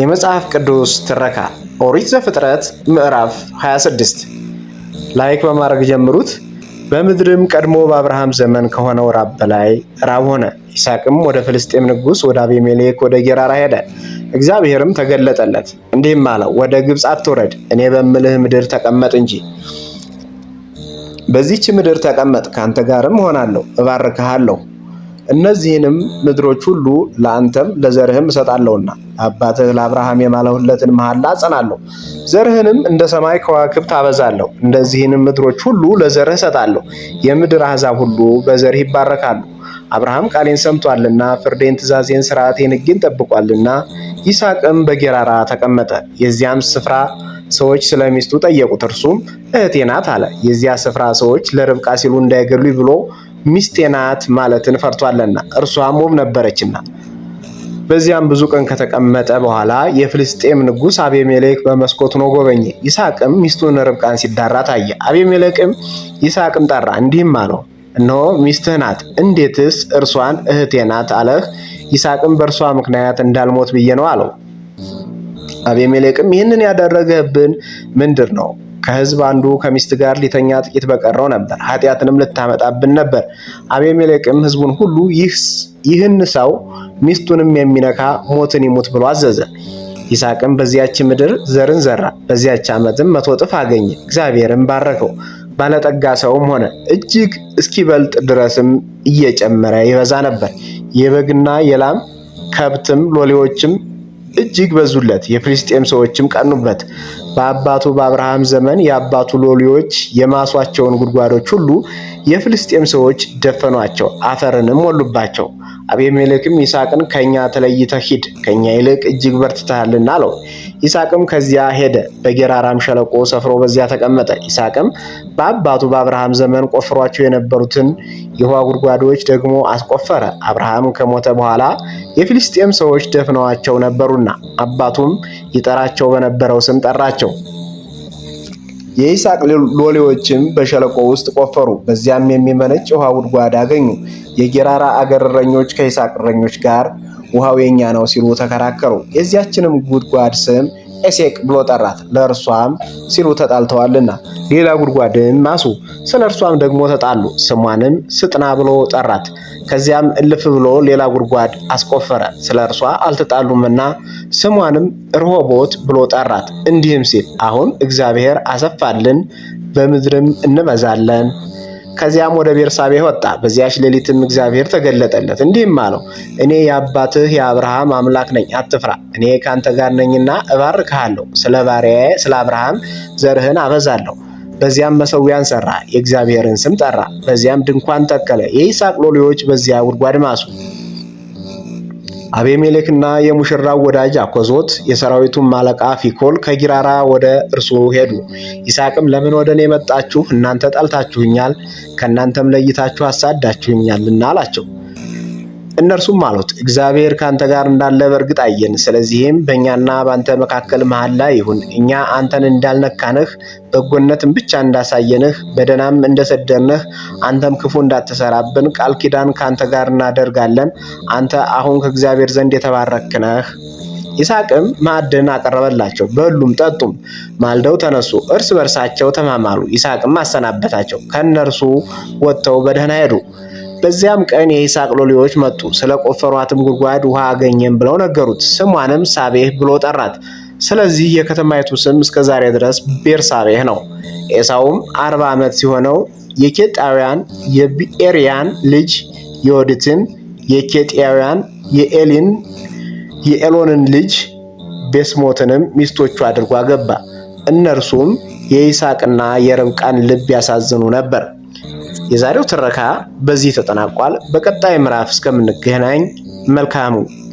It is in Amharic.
የመጽሐፍ ቅዱስ ትረካ ኦሪት ዘፍጥረት ምዕራፍ 26 ላይክ በማድረግ ጀምሩት። በምድርም ቀድሞ በአብርሃም ዘመን ከሆነው ራብ በላይ ራብ ሆነ። ይስሐቅም ወደ ፍልስጤም ንጉሥ ወደ አቤሜሌክ ወደ ጌራራ ሄደ። እግዚአብሔርም ተገለጠለት እንዲህም አለው፣ ወደ ግብፅ አትውረድ፣ እኔ በምልህ ምድር ተቀመጥ እንጂ በዚህች ምድር ተቀመጥ፣ ከአንተ ጋርም እሆናለሁ፣ እባርክሃለሁ እነዚህንም ምድሮች ሁሉ ለአንተም ለዘርህም እሰጣለሁና አባትህ ለአብርሃም የማለሁለትን መሐላ አጸናለሁ፣ ዘርህንም እንደ ሰማይ ከዋክብት አበዛለሁ። እንደዚህንም ምድሮች ሁሉ ለዘርህ እሰጣለሁ፣ የምድር አሕዛብ ሁሉ በዘርህ ይባረካሉ። አብርሃም ቃሌን ሰምቷልና ፍርዴን፣ ትእዛዜን፣ ስርዓቴን፣ ሕጌን ጠብቋልና። ይስሐቅም በጌራራ ተቀመጠ። የዚያም ስፍራ ሰዎች ስለ ሚስቱ ጠየቁት። እርሱም እህቴ ናት አለ። የዚያ ስፍራ ሰዎች ለርብቃ ሲሉ እንዳይገሉኝ ብሎ ሚስቴ ናት ማለትን ፈርቷለና እርሷም ውብ ነበረችና። በዚያም ብዙ ቀን ከተቀመጠ በኋላ የፍልስጤም ንጉሥ አቤሜሌክ በመስኮት ሆኖ ጎበኘ። ይስሐቅም ሚስቱን ርብቃን ሲዳራ ታየ። አቤሜሌክም ይስሐቅን ጠራ፣ እንዲህም አለው፣ እነሆ ሚስትህ ናት፣ እንዴትስ እርሷን እህቴ ናት አለህ? ይስሐቅም በእርሷ ምክንያት እንዳልሞት ብዬ ነው አለው። አቤሜሌክም ይህንን ያደረገብን ምንድር ነው? ከህዝብ አንዱ ከሚስት ጋር ሊተኛ ጥቂት በቀረው ነበር፣ ኃጢአትንም ልታመጣብን ነበር። አቤሜሌቅም ህዝቡን ሁሉ ይህን ሰው ሚስቱንም የሚነካ ሞትን ይሙት ብሎ አዘዘ። ይስሐቅም በዚያች ምድር ዘርን ዘራ፣ በዚያች ዓመትም መቶ እጥፍ አገኘ። እግዚአብሔርም ባረከው፣ ባለጠጋ ሰውም ሆነ፣ እጅግ እስኪበልጥ ድረስም እየጨመረ ይበዛ ነበር። የበግና የላም ከብትም ሎሌዎችም እጅግ በዙለት። የፍልስጤም ሰዎችም ቀኑበት። በአባቱ በአብርሃም ዘመን የአባቱ ሎሌዎች የማሷቸውን ጉድጓዶች ሁሉ የፍልስጤም ሰዎች ደፈኗቸው፣ አፈርንም ሞሉባቸው። አቤሜሌክም ይስሐቅን ከእኛ ተለይተህ ሂድ፣ ከእኛ ይልቅ እጅግ በርትተሃልና አለው። ይስሐቅም ከዚያ ሄደ፣ በጌራራም ሸለቆ ሰፍሮ በዚያ ተቀመጠ። ይስሐቅም በአባቱ በአብርሃም ዘመን ቆፍሯቸው የነበሩትን የውሃ ጉድጓዶች ደግሞ አስቆፈረ። አብርሃም ከሞተ በኋላ የፊልስጤም ሰዎች ደፍነዋቸው ነበሩና አባቱም ይጠራቸው በነበረው ስም ጠራቸው። የይስሐቅ ሎሌዎችም በሸለቆ ውስጥ ቆፈሩ፣ በዚያም የሚመነጭ ውሃ ጉድጓድ አገኙ። የጌራራ አገር እረኞች ከይስሐቅ እረኞች ጋር ውሃው የኛ ነው ሲሉ ተከራከሩ። የዚያችንም ጉድጓድ ስም ኤሴቅ ብሎ ጠራት፣ ለእርሷም ሲሉ ተጣልተዋልና። ሌላ ጉድጓድም ማሱ፣ ስለ እርሷም ደግሞ ተጣሉ። ስሟንም ስጥና ብሎ ጠራት። ከዚያም እልፍ ብሎ ሌላ ጉድጓድ አስቆፈረ፣ ስለ እርሷ አልተጣሉምና። ስሟንም ርሆቦት ብሎ ጠራት፣ እንዲህም ሲል አሁን እግዚአብሔር አሰፋልን፣ በምድርም እንበዛለን ከዚያም ወደ ቤርሳቤህ ወጣ። በዚያች ሌሊትም እግዚአብሔር ተገለጠለት እንዲህም አለው፣ እኔ የአባትህ የአብርሃም አምላክ ነኝ፣ አትፍራ፣ እኔ ከአንተ ጋር ነኝና እባርክሃለሁ። ስለ ባሪያዬ ስለ አብርሃም ዘርህን አበዛለሁ። በዚያም መሰዊያን ሰራ፣ የእግዚአብሔርን ስም ጠራ። በዚያም ድንኳን ተከለ። የይስሐቅ ሎሌዎች በዚያ ጉድጓድ ማሱ። አቤሜሌክና የሙሽራው ወዳጅ አኮዞት የሰራዊቱን ማለቃ ፊኮል ከጊራራ ወደ እርሱ ሄዱ። ይስሐቅም ለምን ወደ እኔ መጣችሁ? እናንተ ጠልታችሁኛል፣ ከእናንተም ለይታችሁ አሳዳችሁኛልና አላቸው። እነርሱም አሉት እግዚአብሔር ከአንተ ጋር እንዳለ በእርግጥ አየን። ስለዚህም በእኛና በአንተ መካከል መሐላ ይሁን። እኛ አንተን እንዳልነካንህ በጎነትን ብቻ እንዳሳየንህ በደናም እንደሰደንህ አንተም ክፉ እንዳትሰራብን ቃል ኪዳን ከአንተ ጋር እናደርጋለን። አንተ አሁን ከእግዚአብሔር ዘንድ የተባረክነህ ነህ። ይስሐቅም ማዕድን አቀረበላቸው፣ በሉም ጠጡም። ማልደው ተነሱ፣ እርስ በርሳቸው ተማማሉ። ይስሐቅም አሰናበታቸው፣ ከእነርሱ ወጥተው በደህና ሄዱ። በዚያም ቀን የይስሐቅ ሎሌዎች መጡ። ስለ ቆፈሯትም ጉድጓድ ውሃ አገኘም ብለው ነገሩት። ስሟንም ሳቤህ ብሎ ጠራት። ስለዚህ የከተማይቱ ስም እስከ ዛሬ ድረስ ቤርሳቤህ ነው። ኤሳውም አርባ ዓመት ሲሆነው የኬጣውያን የብኤርያን ልጅ የወድትን የኬጥያውያን የኤሊን የኤሎንን ልጅ ቤስሞትንም ሚስቶቹ አድርጎ አገባ። እነርሱም የይስሐቅና የርብቃን ልብ ያሳዝኑ ነበር። የዛሬው ትረካ በዚህ ተጠናቋል። በቀጣይ ምዕራፍ እስከምንገናኝ መልካሙ